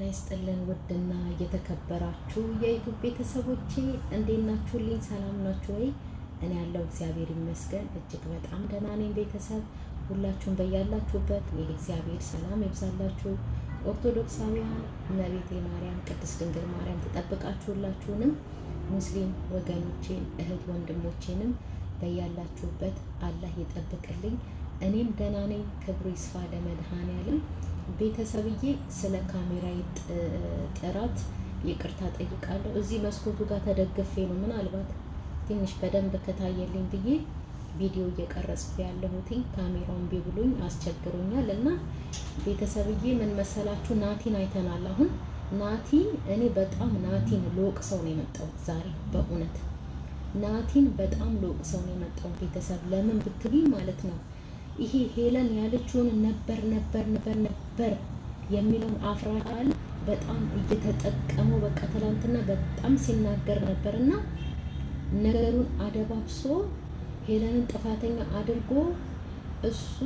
ላይ ስጥልን ውድና እየተከበራችሁ የዩቱብ ቤተሰቦቼ እንዴት ልኝ ሰላም ናችሁ ወይ? እኔ ያለው እግዚአብሔር ይመስገን እጅግ በጣም ደህና ነኝ። ቤተሰብ ሁላችሁም በያላችሁበት የእግዚአብሔር ሰላም ይብዛላችሁ። ኦርቶዶክሳውያን እመቤቴ ማርያም ቅድስት ድንግል ማርያም ትጠብቃችሁላችሁንም ሙስሊም ወገኖቼን እህት ወንድሞቼንም በያላችሁበት አላህ ይጠብቅልኝ። እኔም ደህና ነኝ። ክብሩ ይስፋ ለመድኃኔዓለም። ቤተሰብዬ ስለ ካሜራ ጥራት ይቅርታ ጠይቃለሁ። እዚህ መስኮቱ ጋር ተደግፌ ነው ምናልባት ትንሽ በደንብ ከታየልኝ ብዬ ቪዲዮ እየቀረጽኩ ያለሁትኝ ካሜራውን ቢብሉኝ አስቸግሮኛል። እና ቤተሰብዬ ምን መሰላችሁ ናቲን አይተናል። አሁን ናቲን እኔ በጣም ናቲን ልወቅ ሰው ነው የመጣሁት ዛሬ በእውነት ናቲን በጣም ልወቅ ሰው ነው የመጣሁት ቤተሰብ ለምን ብትሉኝ ማለት ነው ይሄ ሄለን ያለችውን ነበር ነበር ነበር ነበር የሚለውን አፍራቃል በጣም እየተጠቀመው በቃ ትላንትና በጣም ሲናገር ነበር እና ነገሩን አደባብሶ ሄለንን ጥፋተኛ አድርጎ እሱ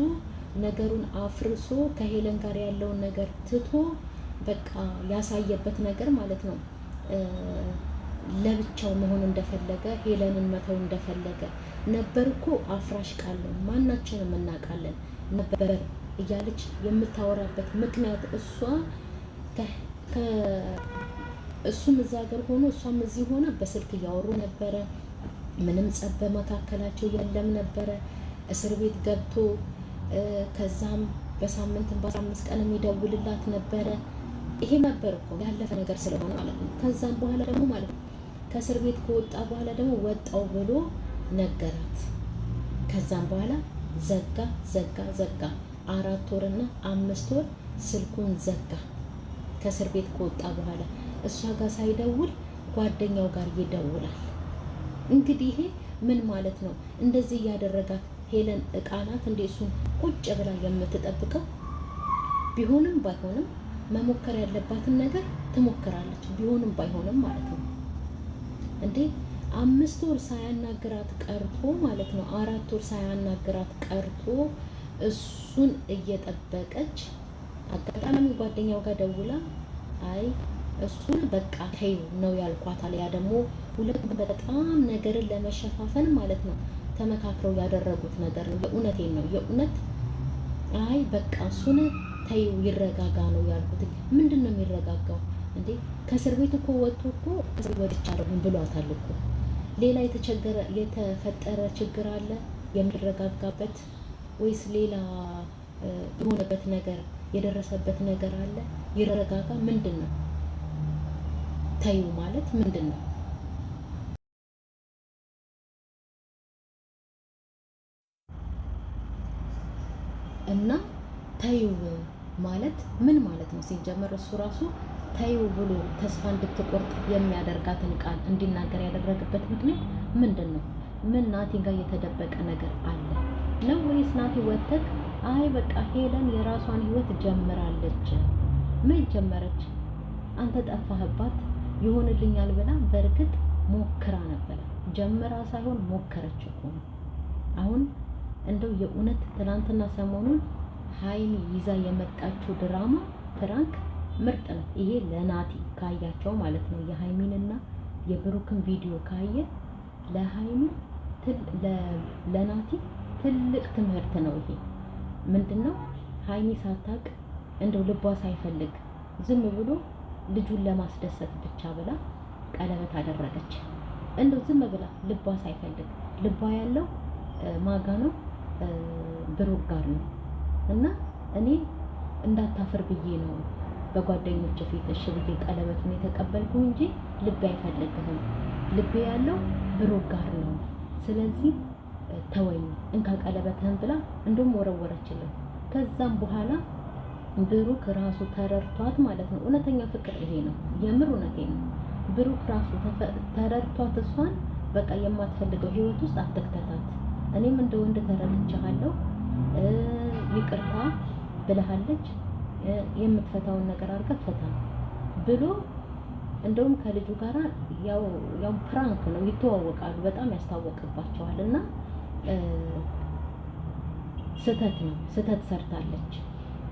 ነገሩን አፍርሶ ከሄለን ጋር ያለውን ነገር ትቶ በቃ ያሳየበት ነገር ማለት ነው። ለብቻው መሆን እንደፈለገ ሄለንን መተው እንደፈለገ ነበር እኮ አፍራሽ ቃል ነው፣ ማናችንም እናውቃለን። ነበር እያለች የምታወራበት ምክንያት እሷ እሱም እዛ ሀገር ሆኖ እሷም እዚህ ሆነ በስልክ እያወሩ ነበረ። ምንም ጸብ በመካከላቸው የለም ነበረ። እስር ቤት ገብቶ ከዛም በሳምንትን በአስራ አምስት ቀን የሚደውልላት ነበረ። ይሄ ነበር እኮ ያለፈ ነገር ስለሆነ ማለት ነው። ከዛም በኋላ ደግሞ ማለት ነው ከእስር ቤት ከወጣ በኋላ ደግሞ ወጣው ብሎ ነገራት። ከዛም በኋላ ዘጋ ዘጋ ዘጋ አራት ወርና አምስት ወር ስልኩን ዘጋ። ከእስር ቤት ከወጣ በኋላ እሷ ጋር ሳይደውል ጓደኛው ጋር ይደውላል። እንግዲህ ይሄ ምን ማለት ነው? እንደዚህ እያደረጋት ሄለን እቃ ናት እንዴ? እሱን ቁጭ ብላ የምትጠብቀው ቢሆንም ባይሆንም መሞከር ያለባትን ነገር ትሞክራለች። ቢሆንም ባይሆንም ማለት ነው። እንዴ አምስት ወር ሳያናግራት ቀርቶ ማለት ነው አራት ወር ሳያናግራት ቀርቶ እሱን እየጠበቀች አጋጣሚ ጓደኛው ጋር ደውላ አይ እሱን በቃ ተይው ነው ያልኳታል። ያ ደግሞ ሁለቱ በጣም ነገርን ለመሸፋፈን ማለት ነው ተመካክረው ያደረጉት ነገር ነው። የእውነቴን ነው የእውነት አይ በቃ እሱን ተይው ይረጋጋ ነው ያልኩት። ምንድን ነው የሚረጋጋው? እንዴ ከእስር ቤት እኮ ወጥቶ እኮ እስር ቤት ወጥቻለሁ ብሏታል እኮ። ሌላ የተቸገረ የተፈጠረ ችግር አለ የሚረጋጋበት ወይስ ሌላ የሆነበት ነገር የደረሰበት ነገር አለ? ይረጋጋ ምንድን ነው ተዩ ማለት ምንድን ነው? እና ተዩ ማለት ምን ማለት ነው? ሲጀመር እሱ ራሱ ተይው ብሎ ተስፋ እንድትቆርጥ የሚያደርጋትን ቃል እንዲናገር ያደረገበት ምክንያት ምንድን ነው? ምን ናቲ ጋር የተደበቀ ነገር አለ ነው ወይስ ናቲ ወተክ? አይ በቃ ሄለን የራሷን ህይወት ጀምራለች። ምን ጀመረች? አንተ ጠፋህባት ይሆንልኛል ብላ በእርግጥ ሞክራ ነበረ። ጀምራ ሳይሆን ሞከረች እኮ ነው። አሁን እንደው የእውነት ትናንትና ሰሞኑን ሀይሚ ይዛ የመጣችው ድራማ ፍራንክ ምርጥ ነው። ይሄ ለናቲ ካያቸው ማለት ነው የሀይሚንና የብሩክን ቪዲዮ ካየ ለሀይሚ ለናቲ ትልቅ ትምህርት ነው። ይሄ ምንድነው? ሃይሚ ሀይሚ ሳታቅ እንደው ልቧ ሳይፈልግ ዝም ብሎ ልጁን ለማስደሰት ብቻ ብላ ቀለበት አደረገች። እንደው ዝም ብላ ልቧ ሳይፈልግ ልቧ ያለው ማጋ ነው ብሩክ ጋር ነው እና እኔ እንዳታፍር ብዬ ነው በጓደኞች ፊት እሺ ብዬ ቀለበቱን የተቀበልኩ እንጂ ልቤ አይፈልግህም። ልቤ ያለው ብሩክ ጋር ነው። ስለዚህ ተወኝ፣ እንካ ቀለበትህን ብላ እንደውም ወረወረችልን። ከዛም በኋላ ብሩክ ራሱ ተረድቷት ማለት ነው። እውነተኛ ፍቅር ይሄ ነው። የምር እውነቴ ነው። ብሩክ ራሱ ተረድቷት እሷን በቃ የማትፈልገው ህይወት ውስጥ አትክተታት። እኔም እንደ ወንድ ተረድቻለሁ፣ ይቅርታ ብለሃለች የምትፈታውን ነገር አድርጋ ፈታ ብሎ እንደውም ከልጁ ጋር ያው ያው ፕራንክ ነው ይተዋወቃሉ። በጣም ያስታወቅባቸዋል እና ስህተት ነው ስህተት ሰርታለች።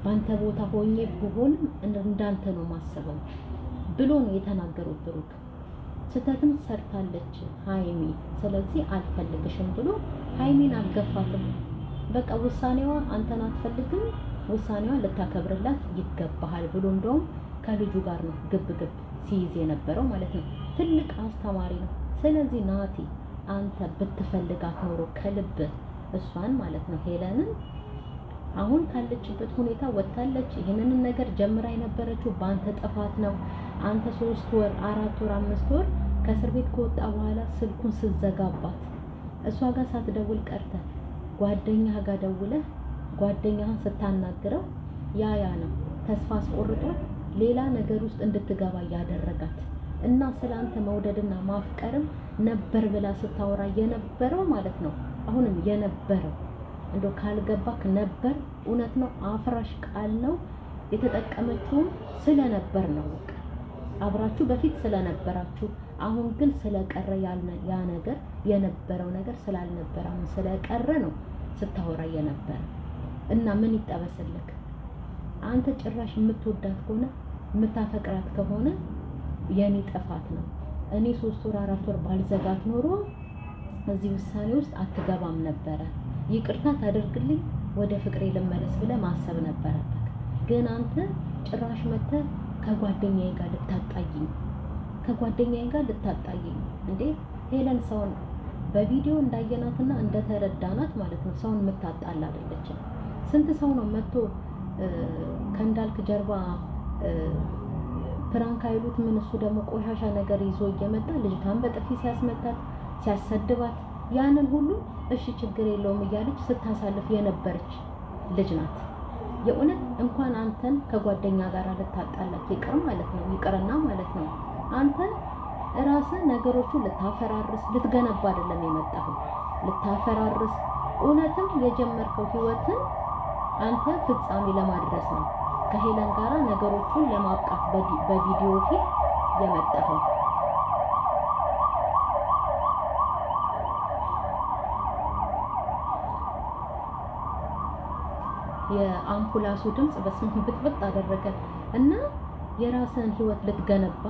በአንተ ቦታ ሆኜ ብሆንም እንዳንተ ነው ማስበው ብሎ ነው የተናገሩት። ብሩክ ስህተትም ሰርታለች ሀይሚ፣ ስለዚህ አልፈልግሽም ብሎ ሀይሚን አልገፋትም። በቃ ውሳኔዋ አንተን አትፈልግም ውሳኔዋን ልታከብርላት ይገባሃል ብሎ እንደውም ከልጁ ጋር ነው ግብ ግብ ሲይዝ የነበረው ማለት ነው። ትልቅ አስተማሪ ነው። ስለዚህ ናቲ አንተ ብትፈልጋት ኖሮ ከልብ እሷን ማለት ነው ሄለንን አሁን ካለችበት ሁኔታ ወጥታለች። ይህንንም ነገር ጀምራ የነበረችው በአንተ ጥፋት ነው። አንተ ሶስት ወር አራት ወር አምስት ወር ከእስር ቤት ከወጣ በኋላ ስልኩን ስዘጋባት እሷ ጋር ሳትደውል ቀርተ ጓደኛ ጋር ደውለህ ጓደኛህን ስታናግረው ያ ያ ነው ተስፋ አስቆርጦ ሌላ ነገር ውስጥ እንድትገባ ያደረጋት እና ስለ አንተ መውደድና ማፍቀርም ነበር ብላ ስታወራ የነበረው ማለት ነው። አሁንም የነበረው እንዶ ካልገባክ ነበር እውነት ነው፣ አፍራሽ ቃል ነው። የተጠቀመችውም ስለነበር ነው። በቃ አብራችሁ በፊት ስለነበራችሁ፣ አሁን ግን ስለቀረ ያ ነገር የነበረው ነገር ስላልነበረ አሁን ስለቀረ ነው ስታወራ የነበረ እና ምን ይጠበስልክ? አንተ ጭራሽ የምትወዳት ከሆነ የምታፈቅራት ከሆነ የኔ ጥፋት ነው። እኔ ሶስት ወር አራት ወር ባልዘጋት ኖሮ እዚህ ውሳኔ ውስጥ አትገባም ነበረ። ይቅርታ ታደርግልኝ ወደ ፍቅሬ ልመለስ ብለህ ማሰብ ነበረበት። ግን አንተ ጭራሽ መተህ ከጓደኛዬ ጋር ልታጣይኝ ከጓደኛዬ ጋር ልታጣይኝ እንዴ? ሄለን ሰውን በቪዲዮ እንዳየናትና እንደተረዳናት ማለት ነው ሰውን የምታጣላ አይደለችም። ስንት ሰው ነው መጥቶ ከእንዳልክ ጀርባ ፕራንክ አይሉት ምን? እሱ ደግሞ ቆሻሻ ነገር ይዞ እየመጣ ልጅቷን በጥፊ ሲያስመታት ሲያሰድባት፣ ያንን ሁሉ እሺ ችግር የለውም እያለች ስታሳልፍ የነበረች ልጅ ናት። የእውነት እንኳን አንተን ከጓደኛ ጋር ልታጣላት ይቅር ማለት ነው ይቅርና ማለት ነው አንተ ራስ ነገሮቹ ልታፈራርስ ልትገነባ አይደለም የመጣኸው፣ ልታፈራርስ እውነትም የጀመርከው ህይወትን አንተ ፍጻሜ ለማድረስ ነው ከሄለን ጋራ ነገሮቹን ለማብቃት በቪዲዮ ፊት የመጣኸው። የአምፑላሱ ድምፅ በስም ብጥብጥ አደረገ እና የራስን ህይወት ልትገነባ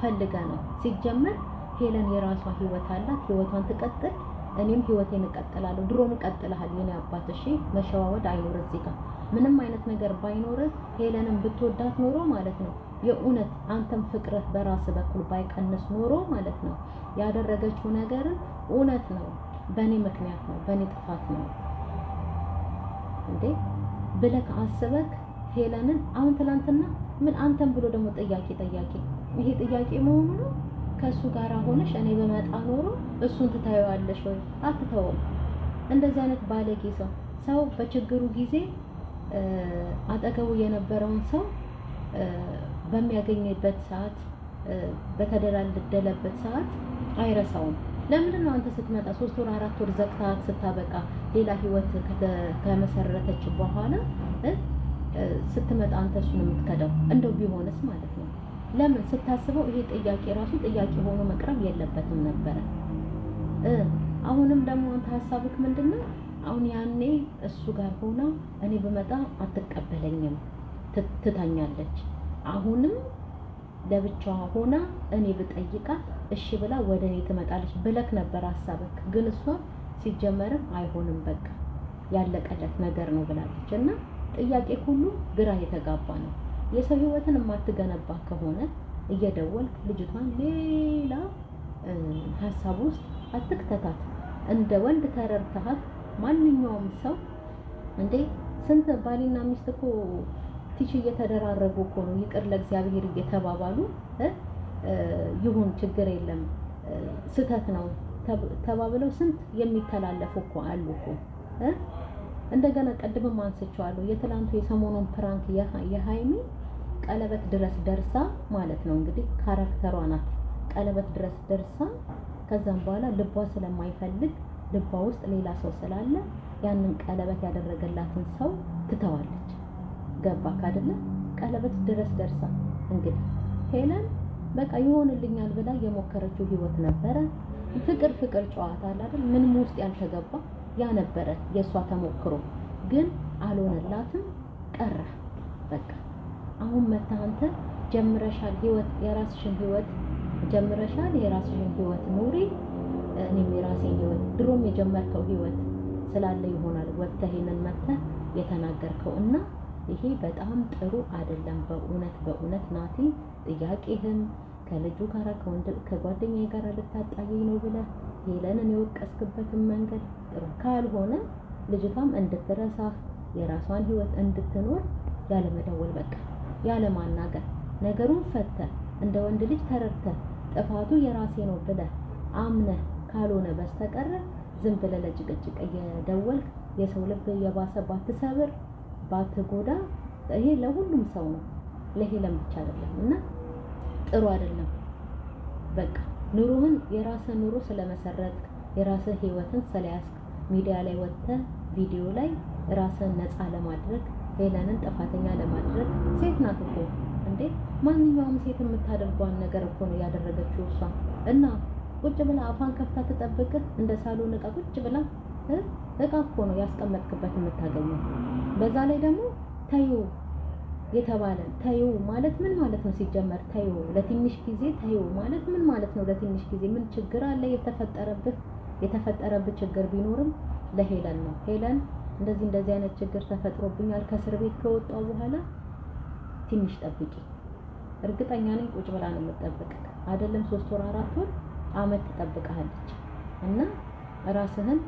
ፈልገ ነው። ሲጀመር ሄለን የራሷ ህይወት አላት። ህይወቷን ትቀጥል። እኔም ህይወቴን እቀጥላለሁ። ድሮም እቀጥልሃል የኔ አባት። እሺ መሸዋወድ አይኖር እዚህ ጋር ምንም አይነት ነገር ባይኖር ሄለንም ብትወዳት ኖሮ ማለት ነው የእውነት አንተም ፍቅርህ በራስ በኩል ባይቀንስ ኖሮ ማለት ነው ያደረገችው ነገር እውነት ነው። በእኔ ምክንያት ነው፣ በእኔ ጥፋት ነው እንዴ ብለህ አስበህ ሄለንን አሁን ትላንትና ምን አንተም ብሎ ደግሞ ጥያቄ ጥያቄ ይሄ ጥያቄ መሆኑ ነው ከእሱ ጋር ሆነሽ እኔ በመጣ ኖሮ እሱን ትታየዋለሽ ወይ? አትተውም። እንደዚህ አይነት ባለጌ ሰው ሰው በችግሩ ጊዜ አጠገቡ የነበረውን ሰው በሚያገኝበት ሰዓት፣ በተደላደለበት ሰዓት አይረሳውም። ለምንድን ነው አንተ ስትመጣ ሶስት ወር አራት ወር ዘግታት ስታበቃ ሌላ ህይወት ከመሰረተች በኋላ ስትመጣ አንተ እሱን የምትከደው? እንደው ቢሆንስ ማለት ነው ለምን ስታስበው ይሄ ጥያቄ ራሱ ጥያቄ ሆኖ መቅረብ የለበትም ነበረ። አሁንም ደግሞ ሀሳብክ ምንድን ነው? አሁን ያኔ እሱ ጋር ሆና እኔ ብመጣ አትቀበለኝም፣ ትታኛለች። አሁንም ለብቻዋ ሆና እኔ ብጠይቃት እሺ ብላ ወደ እኔ ትመጣለች ብለክ ነበር ሀሳብክ። ግን እሷ ሲጀመርም አይሆንም በቃ ያለቀለት ነገር ነው ብላለች። እና ጥያቄ ሁሉ ግራ የተጋባ ነው። የሰው ህይወትን የማትገነባ ከሆነ እየደወልክ ልጅቷን ሌላ ሀሳብ ውስጥ አትክተታት። እንደ ወንድ ተረርተሃት ማንኛውም ሰው እንዴ ስንት ባሊና ሚስት እኮ ቲች እየተደራረጉ እኮ ነው ይቅር ለእግዚአብሔር እየተባባሉ ይሁን ችግር የለም ስህተት ነው ተባብለው ስንት የሚተላለፉ እኮ አሉ እኮ እንደገና ቀድምም አንስቼዋለሁ። የትላንቱ የሰሞኑን ፕራንክ የሀይሚ ቀለበት ድረስ ደርሳ ማለት ነው እንግዲህ ካራክተሯ ናት። ቀለበት ድረስ ደርሳ ከዛም በኋላ ልቧ ስለማይፈልግ ልቧ ውስጥ ሌላ ሰው ስላለ ያንን ቀለበት ያደረገላትን ሰው ትተዋለች። ገባ ካደለ ቀለበት ድረስ ደርሳ እንግዲህ ሄለን በቃ ይሆንልኛል ብላ የሞከረችው ህይወት ነበረ። ፍቅር ፍቅር ጨዋታ አለ አይደል? ምንም ውስጥ ያልተገባ ያ ነበረ የእሷ ተሞክሮ። ግን አልሆነላትም፣ ቀረ በቃ። አሁን መታ አንተ ጀምረሻል ህይወት፣ የራስሽን ህይወት ጀምረሻል፣ የራስሽን ህይወት ኑሪ። እኔም የራሴን ህይወት ድሮም የጀመርከው ህይወት ስላለ ይሆናል ወጥተህ ይሄንን መጥተህ የተናገርከው እና ይሄ በጣም ጥሩ አይደለም። በእውነት በእውነት ናቲ ጥያቄህን ከልጁ ጋር ከጓደኛዬ ጋር ልታጣየኝ ነው ብለህ ሄለንን የወቀስክበትን መንገድ ጥሩ ካልሆነ ልጅቷም እንድትረሳ የራሷን ህይወት እንድትኖር ያለመደወል፣ በቃ ያለማናገር፣ ነገሩን ፈተ እንደ ወንድ ልጅ ተረድተ ጥፋቱ የራሴ ነው ብለ አምነ ካልሆነ በስተቀር ዝም ብለ ለጭቅጭቅ እየደወልክ የሰው ልብ የባሰ ባትሰብር ባትጎዳ፣ ይሄ ለሁሉም ሰው ነው፣ ለሄለም ብቻ አይደለም እና ጥሩ አይደለም በቃ ኑሮህን የራሰ ኑሮ ስለመሰረት የራሰ ህይወትን ስለያዝክ ሚዲያ ላይ ወጥተ ቪዲዮ ላይ ራሰ ነፃ ለማድረግ ሄለንን ጥፋተኛ ለማድረግ ሴት ናት እኮ እንዴ! ማንኛውም ሴት የምታደርጓን ነገር እኮ ነው ያደረገችው እሷ እና ቁጭ ብላ አፏን ከፍታ ትጠብቅህ። እንደ ሳሎን እቃ ቁጭ ብላ እቃ እኮ ነው ያስቀመጥክበት የምታገኘው። በዛ ላይ ደግሞ ተይው የተባለ ተዩ ማለት ምን ማለት ነው? ሲጀመር ተዩ ለትንሽ ጊዜ ተዩ ማለት ምን ማለት ነው? ለትንሽ ጊዜ ምን ችግር አለ? የተፈጠረብህ የተፈጠረብህ ችግር ቢኖርም ለሄለን ነው። ሄለን እንደዚህ እንደዚህ አይነት ችግር ተፈጥሮብኛል፣ ከእስር ቤት ከወጣው በኋላ ትንሽ ጠብቂ። እርግጠኛ ነኝ ቁጭ ብላ ነው የምትጠብቅ፣ አይደለም ሶስት ወር አራት ወር አመት ትጠብቅሃለች። እና ራስህን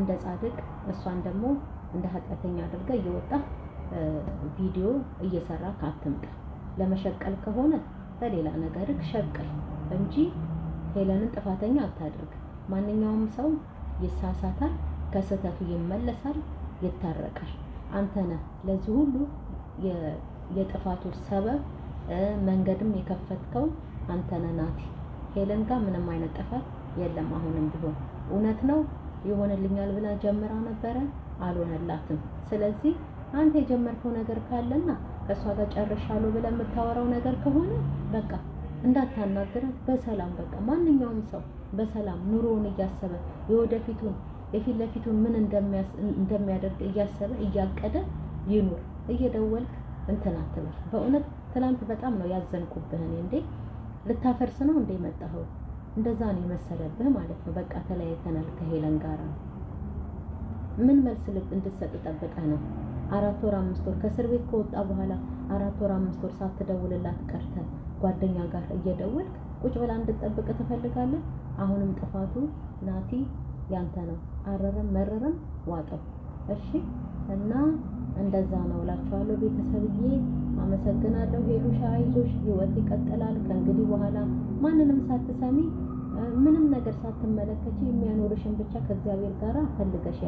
እንደ ጻድቅ እሷን ደግሞ እንደ ኃጢአተኛ አድርገህ እየወጣ ቪዲዮ እየሰራ ካትምጣ። ለመሸቀል ከሆነ በሌላ ነገር ሸቅል እንጂ ሄለንን ጥፋተኛ አታድርግ። ማንኛውም ሰው ይሳሳታል፣ ከስህተቱ ይመለሳል፣ ይታረቃል። አንተ ነህ ለዚህ ሁሉ የጥፋቱ ሰበብ መንገድም የከፈትከው አንተ ነህ ናቲ። ሄለን ጋር ምንም አይነት ጥፋት የለም። አሁንም ቢሆን እውነት ነው ይሆንልኛል ብላ ጀምራ ነበረ፣ አልሆነላትም። ስለዚህ አንተ የጀመርከው ነገር ካለና ከእሷ ጋር ጨርሻለሁ ብለህ የምታወራው ነገር ከሆነ በቃ እንዳታናግራት በሰላም በቃ ማንኛውም ሰው በሰላም ኑሮውን እያሰበ የወደፊቱን የፊት ለፊቱን ምን እንደሚያደርግ እያሰበ እያቀደ ይኑር። እየደወልክ እንትን አትበል። በእውነት ትላንት በጣም ነው ያዘንኩብህ። እኔ እንዴ ልታፈርስ ነው እንዴ መጣኸው? እንደዛ ነው የመሰለብህ ማለት ነው። በቃ ተለያይተናል ከሄለን ጋር ምን መልስ ልብ እንድትሰጥ ጠብቀህ ነው አራት ወር አምስት ወር ከእስር ቤት ከወጣ በኋላ አራት ወር አምስት ወር ሳትደውልላት ቀርተ ጓደኛ ጋር እየደወልክ ቁጭ ብላ እንድጠብቅ ትፈልጋለህ? አሁንም ጥፋቱ ናቲ ያንተ ነው። አረረም መረረም ዋጠው። እሺ እና እንደዛ ነው እላችኋለሁ። ቤተሰብዬ አመሰግናለሁ። ሄሉሻ አይዞሽ፣ ህይወት ይቀጥላል። ከእንግዲህ በኋላ ማንንም ሳትሰሚ ምንም ነገር ሳትመለከች የሚያኖርሽን ብቻ ከእግዚአብሔር ጋር ፈልገሽ